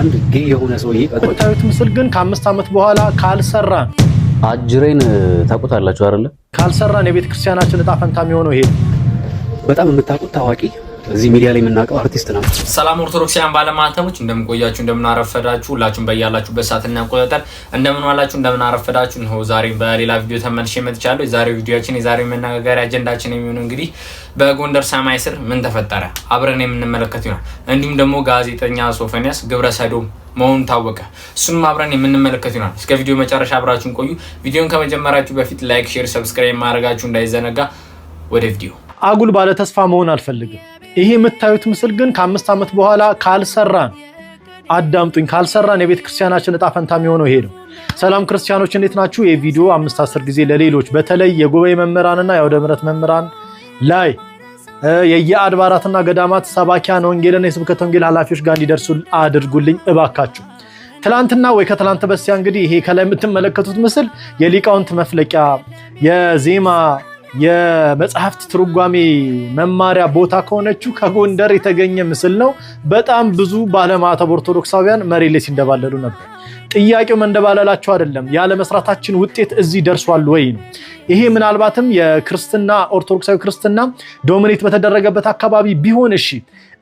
አንድ ግ የሆነ ሰውዬ የምታዩት ምስል ግን ከአምስት ዓመት በኋላ ካልሰራን አጅሬን ታውቁታላችሁ አይደለ? ካልሰራን የቤተ ክርስቲያናችን እጣ ፈንታ የሚሆነው ይሄ በጣም የምታውቁት ታዋቂ እዚህ ሚዲያ ላይ የምናውቀው አርቲስት ነው። ሰላም ኦርቶዶክሳውያን ባለማተቦች እንደምንቆያችሁ፣ እንደምናረፈዳችሁ ሁላችሁም በያላችሁበት ሰዓትና አቆጣጠር እንደምንዋላችሁ፣ እንደምናረፈዳችሁ ዛሬ በሌላ ቪዲዮ ተመልሼ መጥቻለሁ። የዛሬው ቪዲዮችን የዛሬው መነጋገሪያ አጀንዳችን የሚሆነው እንግዲህ በጎንደር ሰማይ ስር ምን ተፈጠረ አብረን የምንመለከት ይሆናል። እንዲሁም ደግሞ ጋዜጠኛ ሶፈንያስ ግብረ ሰዶም መሆኑን ታወቀ። እሱንም አብረን የምንመለከት ይሆናል። እስከ ቪዲዮ መጨረሻ አብራችሁን ቆዩ። ቪዲዮን ከመጀመራችሁ በፊት ላይክ፣ ሼር፣ ሰብስክራይብ ማድረጋችሁ እንዳይዘነጋ። ወደ ቪዲዮ አጉል ባለ ተስፋ መሆን አልፈልግም። ይሄ የምታዩት ምስል ግን ከአምስት ዓመት በኋላ ካልሰራን አዳምጡኝ፣ ካልሰራን የቤተ ክርስቲያናችን እጣ ፈንታ የሚሆነው ይሄ ነው። ሰላም ክርስቲያኖች እንዴት ናችሁ? ይህ ቪዲዮ አምስት አስር ጊዜ ለሌሎች በተለይ የጉባኤ መምህራንና የአውደ ምሕረት መምህራን ላይ የየአድባራትና ገዳማት ሰባኪያን ወንጌልና የስብከተ ወንጌል ኃላፊዎች ጋር እንዲደርሱ አድርጉልኝ እባካችሁ። ትላንትና ወይ ከትላንት በስቲያ እንግዲህ ይሄ ከላይ የምትመለከቱት ምስል የሊቃውንት መፍለቂያ የዜማ የመጽሐፍት ትርጓሜ መማሪያ ቦታ ከሆነችው ከጎንደር የተገኘ ምስል ነው። በጣም ብዙ ባለማተብ ኦርቶዶክሳውያን መሬት ላይ ሲንደባለሉ ነበር። ጥያቄው መንደባለላቸው አይደለም፣ ያለ መስራታችን ውጤት እዚህ ደርሷል ወይ ነው። ይሄ ምናልባትም የክርስትና ኦርቶዶክሳዊ ክርስትና ዶሚኔት በተደረገበት አካባቢ ቢሆን እሺ፣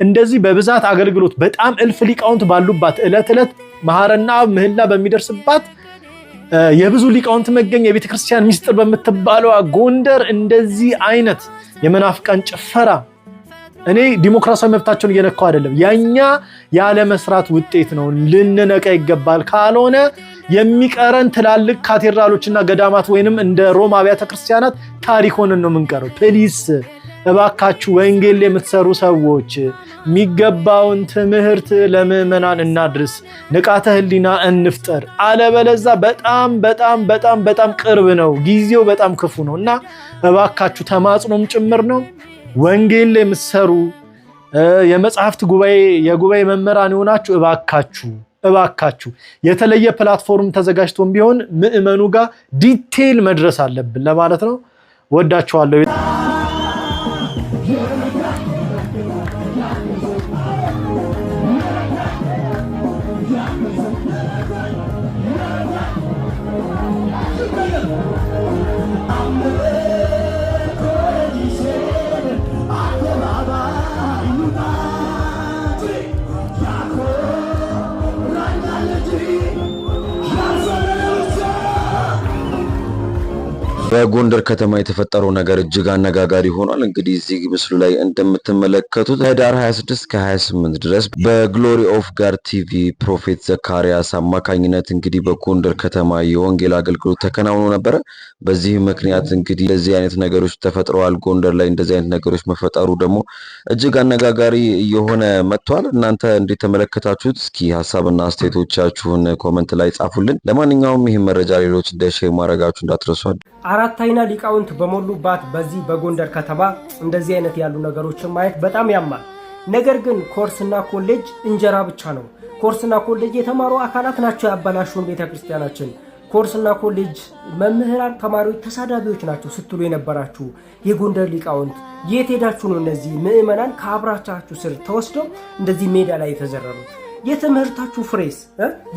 እንደዚህ በብዛት አገልግሎት በጣም እልፍ ሊቃውንት ባሉባት ዕለት ዕለት መሐረና ምህላ በሚደርስባት የብዙ ሊቃውንት መገኛ የቤተክርስቲያን ሚስጥር በምትባለዋ ጎንደር እንደዚህ አይነት የመናፍቃን ጭፈራ እኔ ዲሞክራሲያዊ መብታቸውን እየነካው አይደለም፣ የኛ ያለመስራት ውጤት ነው። ልንነቃ ይገባል። ካልሆነ የሚቀረን ትላልቅ ካቴድራሎችና ገዳማት ወይንም እንደ ሮም አብያተ ክርስቲያናት ታሪክ ሆነን ነው የምንቀረው። ፕሊስ እባካችሁ ወንጌል የምትሰሩ ሰዎች የሚገባውን ትምህርት ለምዕመናን እናድርስ፣ ንቃተ ህሊና እንፍጠር። አለበለዛ በጣም በጣም በጣም በጣም ቅርብ ነው፣ ጊዜው በጣም ክፉ ነው እና እባካችሁ ተማጽኖም ጭምር ነው ወንጌል ላይ የምትሰሩ የመጽሐፍት ጉባኤ የጉባኤ መምህራን የሆናችሁ እባካችሁ እባካችሁ የተለየ ፕላትፎርም ተዘጋጅቶም ቢሆን ምእመኑ ጋር ዲቴይል መድረስ አለብን ለማለት ነው። ወዳችኋለሁ። በጎንደር ከተማ የተፈጠረው ነገር እጅግ አነጋጋሪ ሆኗል። እንግዲህ እዚህ ምስሉ ላይ እንደምትመለከቱት ህዳር 26 ከ28 ድረስ በግሎሪ ኦፍ ጋር ቲቪ ፕሮፌት ዘካሪያስ አማካኝነት እንግዲህ በጎንደር ከተማ የወንጌል አገልግሎት ተከናውኖ ነበረ። በዚህ ምክንያት እንግዲህ እንደዚህ አይነት ነገሮች ተፈጥረዋል። ጎንደር ላይ እንደዚህ አይነት ነገሮች መፈጠሩ ደግሞ እጅግ አነጋጋሪ እየሆነ መጥቷል። እናንተ እንዴት ተመለከታችሁት? እስኪ ሀሳብና አስተያየቶቻችሁን ኮመንት ላይ ጻፉልን። ለማንኛውም ይህን መረጃ ሌሎች እንደ ሼር ማድረጋችሁ እንዳትረሷል። አራት አይና ሊቃውንት በሞሉባት በዚህ በጎንደር ከተማ እንደዚህ አይነት ያሉ ነገሮችን ማየት በጣም ያማል። ነገር ግን ኮርስና ኮሌጅ እንጀራ ብቻ ነው። ኮርስና ኮሌጅ የተማሩ አካላት ናቸው ያበላሹን ቤተክርስቲያናችን። ኮርስና ኮሌጅ መምህራን፣ ተማሪዎች ተሳዳቢዎች ናቸው ስትሉ የነበራችሁ የጎንደር ሊቃውንት የት ሄዳችሁ ነው? እነዚህ ምዕመናን ከአብራቻችሁ ስር ተወስደው እንደዚህ ሜዳ ላይ የተዘረሩት። የትምህርታችሁ ፍሬስ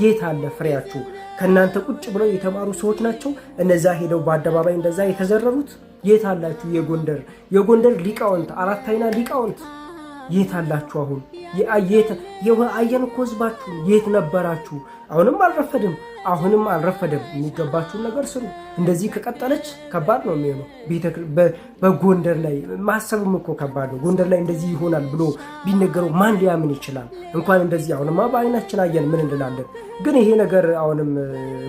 የት አለ ፍሬያችሁ? ከእናንተ ቁጭ ብለው የተማሩ ሰዎች ናቸው እነዛ ሄደው በአደባባይ እንደዛ የተዘረሩት። የት አላችሁ? የጎንደር የጎንደር ሊቃውንት አራት አይና ሊቃውንት የት አላችሁ? አሁን አየን እኮ ህዝባችሁ የት ነበራችሁ? አሁንም አልረፈድም፣ አሁንም አልረፈደም። የሚገባችሁን ነገር ስሩ። እንደዚህ ከቀጠለች ከባድ ነው የሚሆነው። በጎንደር ላይ ማሰብም እኮ ከባድ ነው። ጎንደር ላይ እንደዚህ ይሆናል ብሎ ቢነገረው ማን ሊያምን ይችላል? እንኳን እንደዚህ አሁንማ በአይናችን አየን ምን እንላለን? ግን ይሄ ነገር አሁንም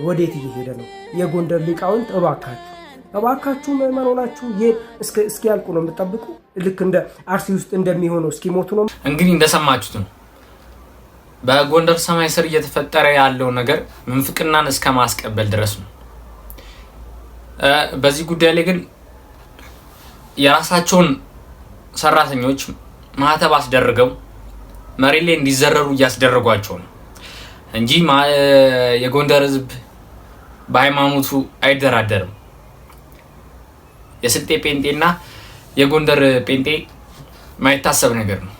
ወዴት እየሄደ ነው? የጎንደር ሊቃውንት እባካችሁ እባካችሁ ምዕመን ሆናችሁ ይህን እስኪያልቁ ነው የምጠብቁ? ልክ እንደ አርሲ ውስጥ እንደሚሆነው እስኪሞቱ ነው። እንግዲህ እንደሰማችሁት ነው በጎንደር ሰማይ ስር እየተፈጠረ ያለው ነገር ምንፍቅናን እስከ ማስቀበል ድረስ ነው። በዚህ ጉዳይ ላይ ግን የራሳቸውን ሰራተኞች ማህተብ አስደርገው መሬት ላይ እንዲዘረሩ እያስደረጓቸው ነው እንጂ የጎንደር ሕዝብ በሃይማኖቱ አይደራደርም። የስልጤ ጴንጤና የጎንደር ጴንጤ ማይታሰብ ነገር ነው።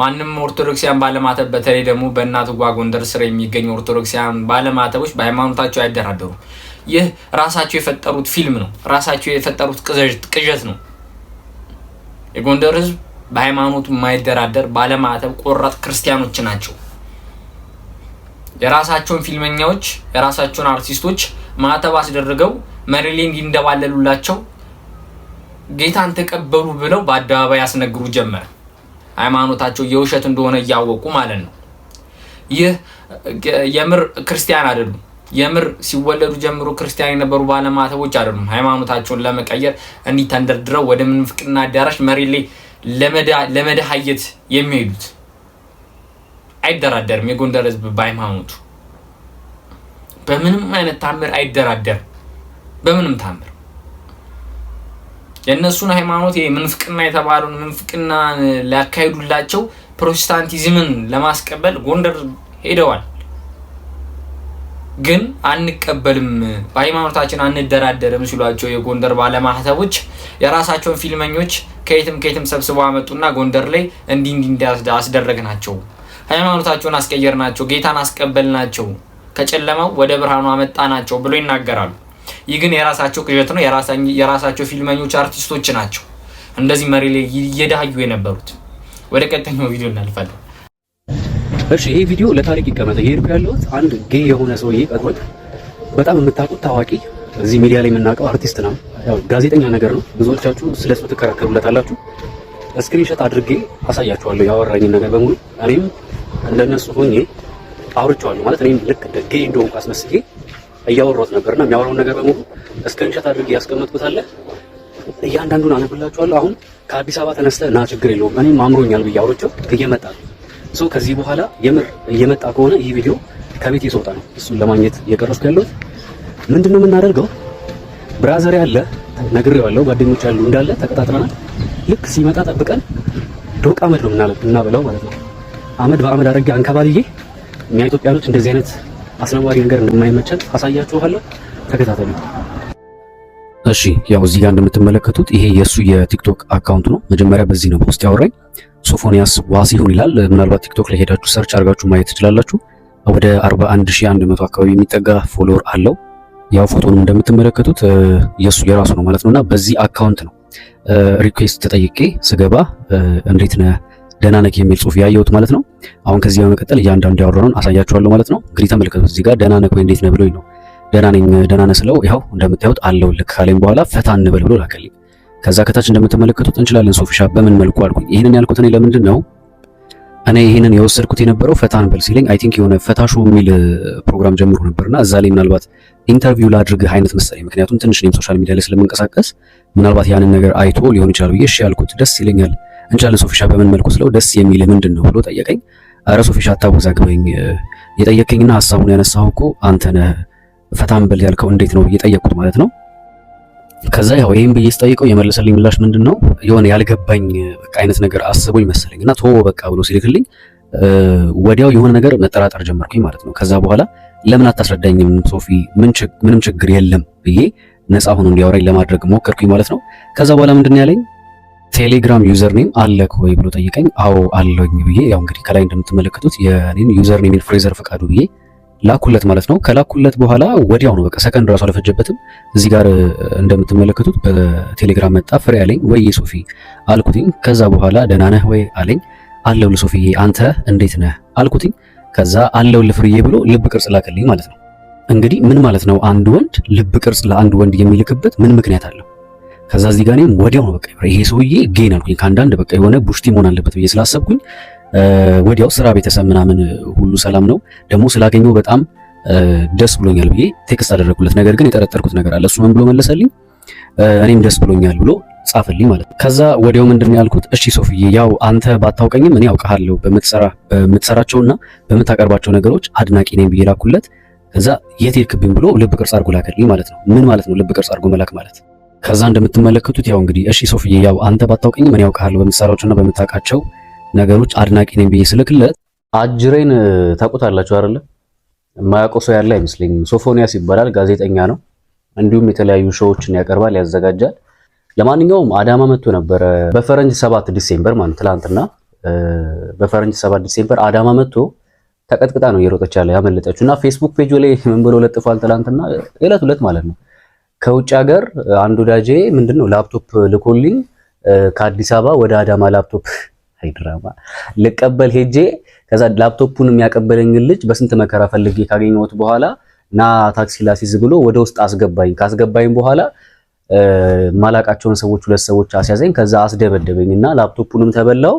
ማንም ኦርቶዶክሲያን ባለማተብ በተለይ ደግሞ ጓ ጎንደር ስር የሚገኙ ኦርቶዶክሲያን ባለማተቦች በሃይማኖታቸው አይደራደሩም። ይህ ራሳቸው የፈጠሩት ፊልም ነው። ራሳቸው የፈጠሩት ቅዠት ነው። የጎንደር ህዝብ በሃይማኖቱ የማይደራደር ባለማተብ ቆራጥ ክርስቲያኖች ናቸው። የራሳቸውን ፊልመኛዎች፣ የራሳቸውን አርቲስቶች ማተብ አስደርገው መሪሌ እንዲንደባለሉላቸው ጌታን ተቀበሉ ብለው በአደባባይ ያስነግሩ ጀመር። ሃይማኖታቸው የውሸት እንደሆነ እያወቁ ማለት ነው። ይህ የምር ክርስቲያን አይደሉም። የምር ሲወለዱ ጀምሮ ክርስቲያን የነበሩ ባለማተቦች አይደሉም። ሃይማኖታቸውን ለመቀየር እንዲህ ተንደርድረው ወደ ምንፍቅና አዳራሽ መሪሌ ላይ ለመድሃየት የሚሄዱት አይደራደርም። የጎንደር ህዝብ በሃይማኖቱ በምንም አይነት ታምር አይደራደርም። በምንም ታምር የእነሱን ሃይማኖት ምንፍቅና የተባለውን ምንፍቅና ሊያካሂዱላቸው ፕሮቴስታንቲዝምን ለማስቀበል ጎንደር ሄደዋል። ግን አንቀበልም፣ በሃይማኖታችን አንደራደርም ሲሏቸው የጎንደር ባለማህተቦች የራሳቸውን ፊልመኞች ከየትም ከየትም ሰብስበው አመጡና ጎንደር ላይ እንዲህ እንዲህ ናቸው፣ ሃይማኖታቸውን ናቸው፣ ጌታን ናቸው ከጨለማው ወደ ብርሃኑ አመጣ ናቸው ብሎ ይናገራሉ። ይህ ግን የራሳቸው ቅዠት ነው። የራሳቸው ፊልመኞች አርቲስቶች ናቸው እንደዚህ መሪ ላይ እየዳዩ የነበሩት። ወደ ቀጥተኛው ቪዲዮ እናልፋለን። እሺ ይሄ ቪዲዮ ለታሪክ ይቀመጥ። የሄድኩ ያለሁት አንድ ጌ የሆነ ሰውዬ ቀጥሮት፣ በጣም የምታውቁት ታዋቂ፣ እዚህ ሚዲያ ላይ የምናውቀው አርቲስት ነው። ጋዜጠኛ ነገር ነው። ብዙዎቻችሁ ስለሱ ትከራከሩለታላችሁ። ስክሪንሾት አድርጌ አሳያችኋለሁ ያወራኝን ነገር በሙሉ። እኔም እንደነሱ ሆኜ አውርቼዋለሁ ማለት እኔም ልክ እንደ ጌይ እንደሆንኩ አስመስዬ እያወሯት ነበርና የሚያወራውን ነገር በሙሉ እስክሪንሾት አድርጌ ያስቀመጥኩታለህ። እያንዳንዱን አነብላችኋለሁ። አሁን ከአዲስ አበባ ተነስተህ ና፣ ችግር የለውም እኔም አምሮኛል ብዬ አውሮቸው እየመጣ ሶ ከዚህ በኋላ የምር እየመጣ ከሆነ ይህ ቪዲዮ ከቤት ይሶጣ ነው እሱን ለማግኘት እየቀረስኩ ያለሁት። ምንድን ነው የምናደርገው? ብራዘር ያለ ነግሬዋለሁ፣ ጓደኞች አሉ እንዳለ ተቀጣጥረናል። ልክ ሲመጣ ጠብቀን ዶቅ አመድ ነው ምናበላው ማለት ነው። አመድ በአመድ አድርጌ አንከባልዬ እኛ ኢትዮጵያኖች እንደዚህ አይነት አስነዋሪ ነገር እንደማይመቸት አሳያችኋለሁ። ተከታተሉ። እሺ ያው እዚህ ጋር እንደምትመለከቱት ይሄ የእሱ የቲክቶክ አካውንት ነው። መጀመሪያ በዚህ ነው በውስጥ ያወራኝ። ሶፎንያስ ዋሲሁን ይላል። ምናልባት ቲክቶክ ላይ ሄዳችሁ ሰርች አድርጋችሁ ማየት ትችላላችሁ። ወደ 41100 አካባቢ የሚጠጋ ፎሎወር አለው። ያው ፎቶንም እንደምትመለከቱት የሱ የራሱ ነው ማለት ነውና በዚህ አካውንት ነው ሪኩዌስት ተጠይቄ ስገባ እንዴት ነህ ደናነክ የሚል ጽሁፍ ያየሁት ማለት ነው። አሁን ከዚህ በመቀጠል እያንዳንዱ ያወራነውን አሳያችኋለሁ ማለት ነው። እንግዲህ ተመልከቱት። እዚህ ጋር ደህናነክ ወይ እንዴት ነው ብሎኝ ነው። ደህናነኝ ደህናነ ስለው ያው እንደምታዩት አለውልክ ካለኝ በኋላ ፈታ እንበል ብሎ ላከልኝ። ከዛ ከታች እንደምትመለከቱት እንችላለን ሶፊሻ በምን መልኩ አልኩኝ። ይህንን ያልኩት እኔ ለምንድን ነው እኔ ይህንን የወሰድኩት የነበረው ፈታ እንበል ሲለኝ አይ ቲንክ የሆነ ፈታሹ የሚል ፕሮግራም ጀምሮ ነበርና እዛ ላይ ምናልባት ኢንተርቪው ላድርግህ አይነት መሰለኝ። ምክንያቱም ትንሽ እኔም ሶሻል ሚዲያ ላይ ስለምንቀሳቀስ ምናልባት ያንን ነገር አይቶ ሊሆን ይችላል ብዬ እሺ ያልኩት ደስ ይለኛል እንችላለን ሶፊሻ በምን መልኩ ስለው ደስ የሚል ምንድን ነው ብሎ ጠየቀኝ። አረ ሶፊሻ አታወዛግበኝ፣ የጠየቀኝና ሀሳቡን ያነሳው እኮ አንተ ነህ ፈታም በል ያልከው እንዴት ነው ብዬ ማለት ነው። ከዛ ያው ይሄን ብዬ ስጠይቀው የመለሰልኝ ምላሽ ምንድን ነው የሆነ ያልገባኝ በቃ አይነት ነገር አስቦኝ መሰለኝ እና በቃ ብሎ ሲልክልኝ ወዲያው የሆነ ነገር መጠራጠር ጀመርኩኝ ማለት ነው። ከዛ በኋላ ለምን አታስረዳኝም ሶፊ፣ ምንም ችግር የለም ብዬ ነፃ ሆኖ እንዲያወራኝ ለማድረግ ሞከርኩኝ ማለት ነው። ከዛ በኋላ ምንድን ነው ያለኝ ቴሌግራም ዩዘር ኔም አለክ ወይ ብሎ ጠይቀኝ። አዎ አለኝ ብዬ ያው እንግዲህ ከላይ እንደምትመለከቱት የኔን ዩዘር ኔም ፍሬዘር ፈቃዱ ብዬ ላኩለት ማለት ነው። ከላኩለት በኋላ ወዲያው ነው በቃ ሰከንድ ራሱ አልፈጀበትም። እዚህ ጋር እንደምትመለከቱት በቴሌግራም መጣ። ፍሬ አለኝ ወይ ሶፊ አልኩትኝ። ከዛ በኋላ ደህና ነህ ወይ አለኝ። አለው ለሶፊዬ አንተ እንዴት ነህ አልኩትኝ። ከዛ አለው ለፍሬዬ ብሎ ልብ ቅርጽ ላከልኝ ማለት ነው። እንግዲህ ምን ማለት ነው? አንድ ወንድ ልብ ቅርጽ ለአንድ ወንድ የሚልክበት ምን ምክንያት አለው? ከዛ እዚህ ጋር እኔም ወዲያው ነው በቃ ይሄ ሰውዬ ጌን አልኩኝ። ከአንዳንድ በቃ የሆነ ቡሽቲ መሆን አለበት ብዬ ስላሰብኩኝ ወዲያው ስራ፣ ቤተሰብ ምናምን ሁሉ ሰላም ነው። ደግሞ ስላገኘው በጣም ደስ ብሎኛል ብዬ ቴክስት አደረግኩለት። ነገር ግን የጠረጠርኩት ነገር አለ። እሱ ምን ብሎ መለሰልኝ? እኔም ደስ ብሎኛል ብሎ ጻፈልኝ ማለት ነው። ከዛ ወዲያው ምንድን ያልኩት፣ እሺ ሶፍዬ ያው አንተ ባታውቀኝም እኔ አውቀሃለሁ በምትሰራ በምትሰራቸውና በምታቀርባቸው ነገሮች አድናቂ ነኝ ብዬ ላኩለት። ከዛ የት ሄድክብኝ ብሎ ልብ ቅርጽ አድርጎ ላከልኝ ማለት ነው። ምን ማለት ነው ልብ ቅርጽ አድርጎ መላክ ማለት ከዛ እንደምትመለከቱት ያው እንግዲህ እሺ ሶፍዬ ያው አንተ ባታውቀኝ ምን ያውቃለሁ በምትሰራቸውና በምታውቃቸው ነገሮች አድናቂ ነኝ ብዬ ስልክለት አጅሬን ታውቁታላችሁ አይደለ? የማያውቀው ሰው ያለ አይመስለኝም። ሶፎንያስ ይባላል፣ ጋዜጠኛ ነው። እንዲሁም የተለያዩ ሾዎችን ያቀርባል፣ ያዘጋጃል። ለማንኛውም አዳማ መጥቶ ነበረ በፈረንጅ ሰባት ዲሴምበር ማለት ትላንትና፣ በፈረንጅ ሰባት ዲሴምበር አዳማ መጥቶ ተቀጥቅጣ ነው እየሮጠች ያለ ያመለጠችው እና ፌስቡክ ፔጅ ላይ ምን ብሎ ለጥፏል? ትላንትና ዕለት ዕለት ማለት ነው ከውጭ ሀገር አንድ ወዳጄ ምንድነው ላፕቶፕ ልኮልኝ ከአዲስ አበባ ወደ አዳማ ላፕቶፕ ድራማ ልቀበል ሄጄ ከዛ ላፕቶፑን የሚያቀበለኝ ልጅ በስንት መከራ ፈልጌ ካገኘሁት በኋላ ና ታክሲ ላሲዝ ብሎ ወደ ውስጥ አስገባኝ። ካስገባኝ በኋላ ማላቃቸውን ሰዎች ሁለት ሰዎች አስያዘኝ። ከዛ አስደበደበኝ እና ላፕቶፑንም ተበላው።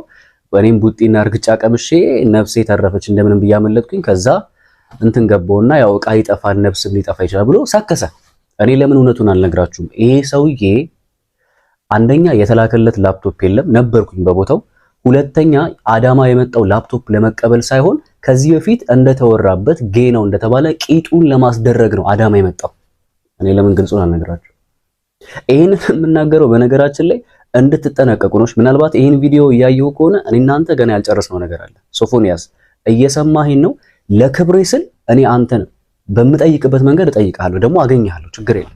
እኔም ቡጢና እርግጫ ቀምሼ ነፍሴ ተረፈች። እንደምንም ብያመለጥኩኝ። ከዛ እንትን ገባውና ያው ዕቃ ይጠፋል ነፍስም ሊጠፋ ይችላል ብሎ ሰከሰ። እኔ ለምን እውነቱን አልነግራችሁም? ይሄ ሰውዬ አንደኛ የተላከለት ላፕቶፕ የለም ነበርኩኝ በቦታው። ሁለተኛ አዳማ የመጣው ላፕቶፕ ለመቀበል ሳይሆን ከዚህ በፊት እንደተወራበት ጌ ነው እንደተባለ ቂጡን ለማስደረግ ነው አዳማ የመጣው። እኔ ለምን ግልጹን አልነግራችሁ? ይህን የምናገረው በነገራችን ላይ እንድትጠነቀቁ ነው። ምናልባት ይህን ቪዲዮ እያየሁ ከሆነ እኔ እናንተ ገና ያልጨረስነው ነገር አለ። ሶፎንያስ እየሰማህን ነው? ለክብሬ ስል እኔ አንተን በምጠይቅበት መንገድ እጠይቅሃለሁ፣ ደግሞ አገኝሃለሁ። ችግር የለም።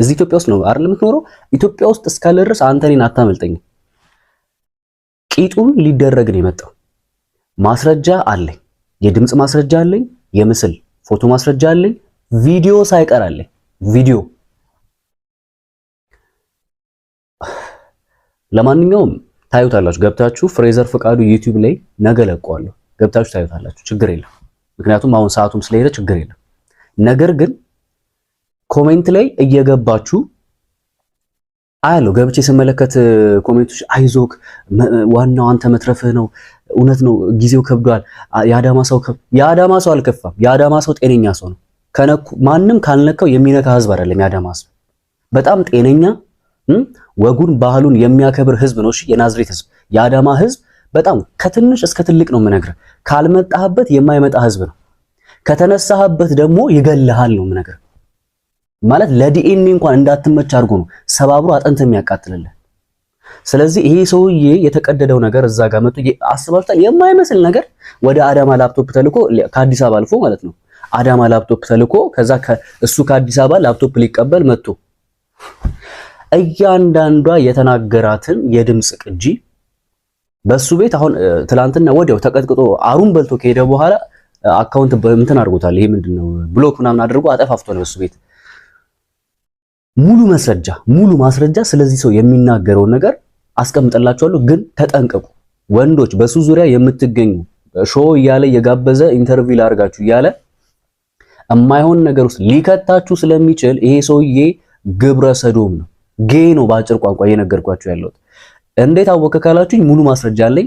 እዚህ ኢትዮጵያ ውስጥ ነው አይደል የምትኖረው? ኢትዮጵያ ውስጥ እስካለ ድረስ አንተ እኔን አታመልጠኝም። ቂጡን ሊደረግ ነው የመጣው። ማስረጃ አለኝ፣ የድምፅ ማስረጃ አለኝ፣ የምስል ፎቶ ማስረጃ አለኝ፣ ቪዲዮ ሳይቀር አለኝ። ቪዲዮ ለማንኛውም ታዩታላችሁ። ገብታችሁ ፍሬዘር ፍቃዱ ዩቲዩብ ላይ ነገ ለቀዋለሁ። ገብታችሁ ታዩታላችሁ። ችግር የለም። ምክንያቱም አሁን ሰዓቱም ስለሄደ ችግር የለም። ነገር ግን ኮሜንት ላይ እየገባችሁ አያለው ገብቼ ስመለከት ኮሜንቶች አይዞክ፣ ዋናው አንተ መትረፍህ ነው። እውነት ነው፣ ጊዜው ከብዷል። የአዳማ ሰው የአዳማ ሰው አልከፋም። የአዳማ ሰው ጤነኛ ሰው ነው። ከነኩ ማንም ካልነካው የሚነካ ህዝብ አይደለም። የአዳማ ሰው በጣም ጤነኛ ወጉን ባህሉን የሚያከብር ህዝብ ነው። እሺ የናዝሬት ህዝብ የአዳማ ህዝብ በጣም ከትንሽ እስከ ትልቅ ነው የምነግርህ። ካልመጣህበት የማይመጣ ህዝብ ነው። ከተነሳህበት ደግሞ ይገልሃል ነው የምነግርህ። ማለት ለዲኤንኤ እንኳን እንዳትመች አድርጎ ነው ሰባብሮ አጥንት የሚያቃጥልልህ። ስለዚህ ይሄ ሰውዬ የተቀደደው ነገር እዛ ጋር መጥቶ አስባችሁታል። የማይመስል ነገር ወደ አዳማ ላፕቶፕ ተልኮ ከአዲስ አበባ አልፎ ማለት ነው አዳማ ላፕቶፕ ተልኮ ከዛ እሱ ከአዲስ አበባ ላፕቶፕ ሊቀበል መጥቶ እያንዳንዷ የተናገራትን የድምፅ ቅጂ በሱ ቤት አሁን ትላንትና ወዲያው ተቀጥቅጦ አሩን በልቶ ከሄደ በኋላ አካውንት እንትን አድርጎታል። ይሄ ምንድነው ብሎክ ምናምን አድርጎ አጠፋፍቶ ነው በሱ ቤት ሙሉ መስረጃ ሙሉ ማስረጃ ስለዚህ ሰው የሚናገረውን ነገር አስቀምጠላችኋለሁ። ግን ተጠንቀቁ ወንዶች፣ በሱ ዙሪያ የምትገኙ ሾ እያለ የጋበዘ ኢንተርቪው ላርጋችሁ እያለ የማይሆን ነገር ውስጥ ሊከታችሁ ስለሚችል ይሄ ሰውዬ ግብረ ሰዶም ነው፣ ጌ ነው። በአጭር ቋንቋ እየነገርኳችሁ ያለሁት እንዴት አወቀ ካላችሁኝ ሙሉ ማስረጃ አለኝ።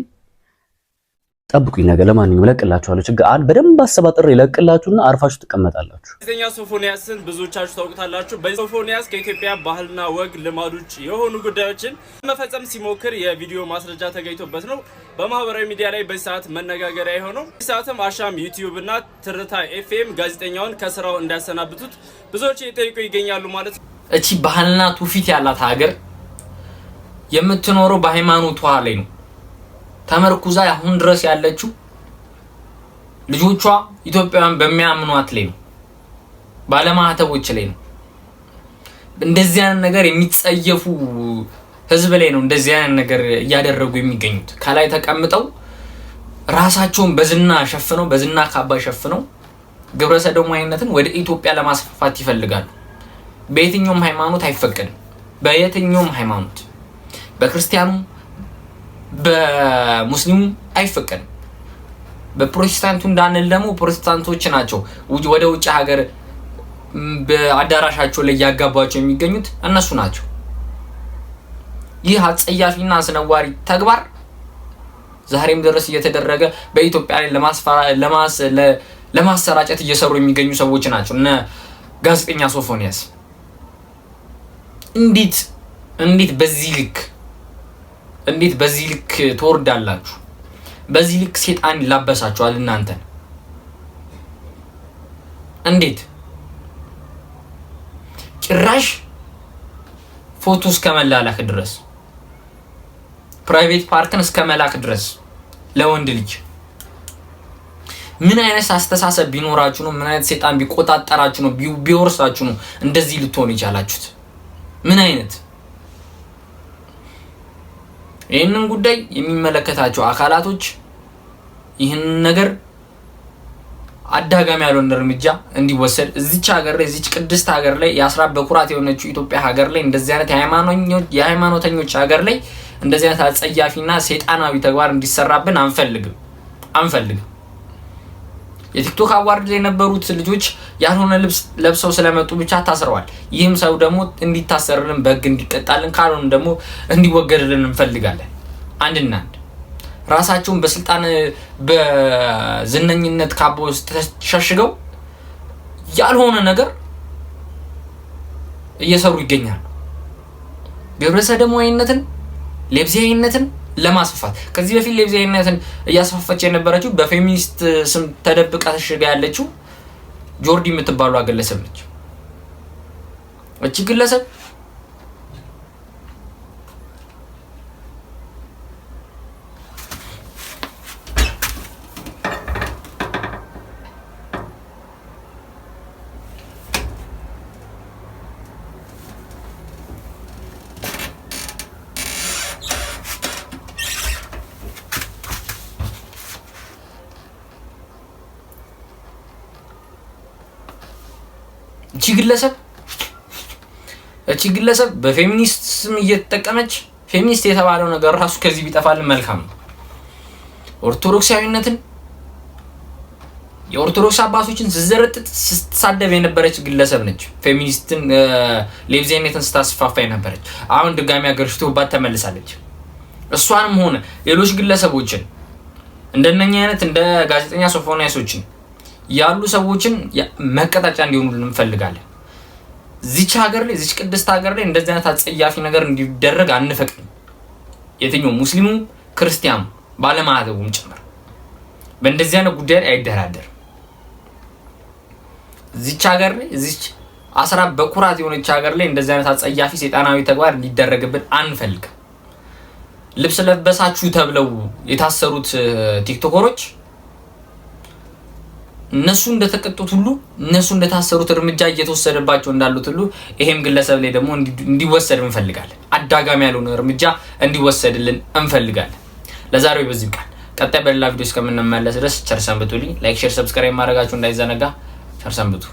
ጠብቁኝ፣ ነገ ለማንኛውም እለቅላችኋለሁ። ችግር አለ። በደንብ አሰባጥሬ እለቅላችሁና አርፋችሁ ትቀመጣላችሁ። ጋዜጠኛ ሶፎንያስን ብዙዎቻችሁ ታውቁታላችሁ። በሶፎንያስ ከኢትዮጵያ ባህልና ወግ ልማዶች የሆኑ ጉዳዮችን መፈጸም ሲሞክር የቪዲዮ ማስረጃ ተገኝቶበት ነው በማህበራዊ ሚዲያ ላይ በዚህ ሰዓት መነጋገሪያ የሆነው። በዚህ ሰዓትም አሻም ዩቲዩብ እና ትርታ ኤፍኤም ጋዜጠኛውን ከስራው እንዳያሰናብቱት ብዙዎች እየጠየቁ ይገኛሉ ማለት ነው። እቺ ባህልና ትውፊት ያላት ሀገር የምትኖረው በሃይማኖቷ ላይ ነው ተመርኩዛ አሁን ድረስ ያለችው ልጆቿ ኢትዮጵያውያን በሚያምኗት ላይ ነው፣ ባለማህተቦች ላይ ነው። እንደዚህ አይነት ነገር የሚጸየፉ ህዝብ ላይ ነው እንደዚህ አይነት ነገር እያደረጉ የሚገኙት። ከላይ ተቀምጠው ራሳቸውን በዝና ሸፍነው በዝና ካባ ሸፍነው ግብረ ሰዶማዊነትን ወደ ኢትዮጵያ ለማስፋፋት ይፈልጋሉ። በየትኛውም ሃይማኖት አይፈቀድም። በየትኛውም ሃይማኖት በክርስቲያኑ በሙስሊሙ አይፈቀድም። በፕሮቴስታንቱ እንዳንል ደግሞ ፕሮቴስታንቶች ናቸው ወደ ውጭ ሀገር በአዳራሻቸው ላይ እያጋቧቸው የሚገኙት እነሱ ናቸው። ይህ አጸያፊና አስነዋሪ ተግባር ዛሬም ድረስ እየተደረገ በኢትዮጵያ ላይ ለማሰራጨት እየሰሩ የሚገኙ ሰዎች ናቸው እነ ጋዜጠኛ ሶፎንያስ እንዴት እንዴት በዚህ ልክ እንዴት በዚህ ልክ ትወርዳላችሁ? በዚህ ልክ ሴጣን ይላበሳችኋል እናንተን እንዴት ጭራሽ ፎቶ እስከ መላላክ ድረስ ፕራይቬት ፓርክን እስከ መላክ ድረስ ለወንድ ልጅ ምን አይነት አስተሳሰብ ቢኖራችሁ ነው? ምን አይነት ሴጣን ቢቆጣጠራችሁ ነው? ቢወርሳችሁ ነው እንደዚህ ልትሆኑ ይቻላችሁት? ምን አይነት ይህንን ጉዳይ የሚመለከታቸው አካላቶች ይህን ነገር አዳጋሚ ያልሆነ እርምጃ እንዲወሰድ እዚች ሀገር ላይ እዚች ቅድስት ሀገር ላይ የአስራት በኩራት የሆነችው ኢትዮጵያ ሀገር ላይ እንደዚህ አይነት የሃይማኖተኞች ሀገር ላይ እንደዚህ አይነት አጸያፊና ሰይጣናዊ ተግባር እንዲሰራብን አንፈልግም አንፈልግም። የቲክቶክ አዋርድ ላይ የነበሩት ልጆች ያልሆነ ልብስ ለብሰው ስለመጡ ብቻ ታስረዋል። ይህም ሰው ደግሞ እንዲታሰርልን በህግ እንዲቀጣልን ካልሆንም ደግሞ እንዲወገድልን እንፈልጋለን። አንድና አንድ ራሳቸውን በስልጣን በዝነኝነት ካቦ ውስጥ ተሸሽገው ያልሆነ ነገር እየሰሩ ይገኛሉ። ግብረ ሰዶማዊነትን፣ ሌብዚያዊነትን ለማስፋፋት ከዚህ በፊት ሌብዜናትን እያስፋፋች የነበረችው በፌሚኒስት ስም ተደብቃ ተሽጋ ያለችው ጆርዲ የምትባሏ ግለሰብ ነች። እቺ ግለሰብ እቺ ግለሰብ እቺ ግለሰብ በፌሚኒስት ስም እየተጠቀመች ፌሚኒስት የተባለው ነገር ራሱ ከዚህ ቢጠፋልን መልካም ነው። ኦርቶዶክሳዊነትን የኦርቶዶክስ አባቶችን ስዘረጥጥ ስትሳደብ የነበረች ግለሰብ ነች። ፌሚኒስትን ሌብዜነትን ስታስፋፋ የነበረች አሁን ድጋሚ አገርሽቶባት ተመልሳለች። እሷንም ሆነ ሌሎች ግለሰቦችን እንደነኛ አይነት እንደ ጋዜጠኛ ሶፎናይሶችን ያሉ ሰዎችን መቀጣጫ እንዲሆኑልን እንፈልጋለን። ዚች ሀገር ላይ ዚች ቅድስት ሀገር ላይ እንደዚህ አይነት አጸያፊ ነገር እንዲደረግ አንፈቅድም። የትኛው ሙስሊሙ፣ ክርስቲያኑ፣ ባለማዕተቡም ጭምር በእንደዚህ አይነት ጉዳይ ላይ አይደራደርም። ዚች ሀገር ላይ ዚች አስራ በኩራት የሆነች ሀገር ላይ እንደዚህ አይነት አጸያፊ ሰይጣናዊ ተግባር እንዲደረግብን አንፈልግም። ልብስ ለበሳችሁ ተብለው የታሰሩት ቲክቶከሮች እነሱ እንደተቀጡት ሁሉ እነሱ እንደታሰሩት እርምጃ እየተወሰደባቸው እንዳሉት ሁሉ ይሄም ግለሰብ ላይ ደግሞ እንዲወሰድ እንፈልጋለን። አዳጋሚ ያልሆነ እርምጃ እንዲወሰድልን እንፈልጋለን። ለዛሬው በዚህ ቃል ቀጣይ በሌላ ቪዲዮ እስከምንመለስ ድረስ ቸር ሰንብቱልኝ። ላይክ፣ ሼር፣ ሰብስክራይብ ማድረጋችሁ እንዳይዘነጋ። ቸር ሰንብቱ።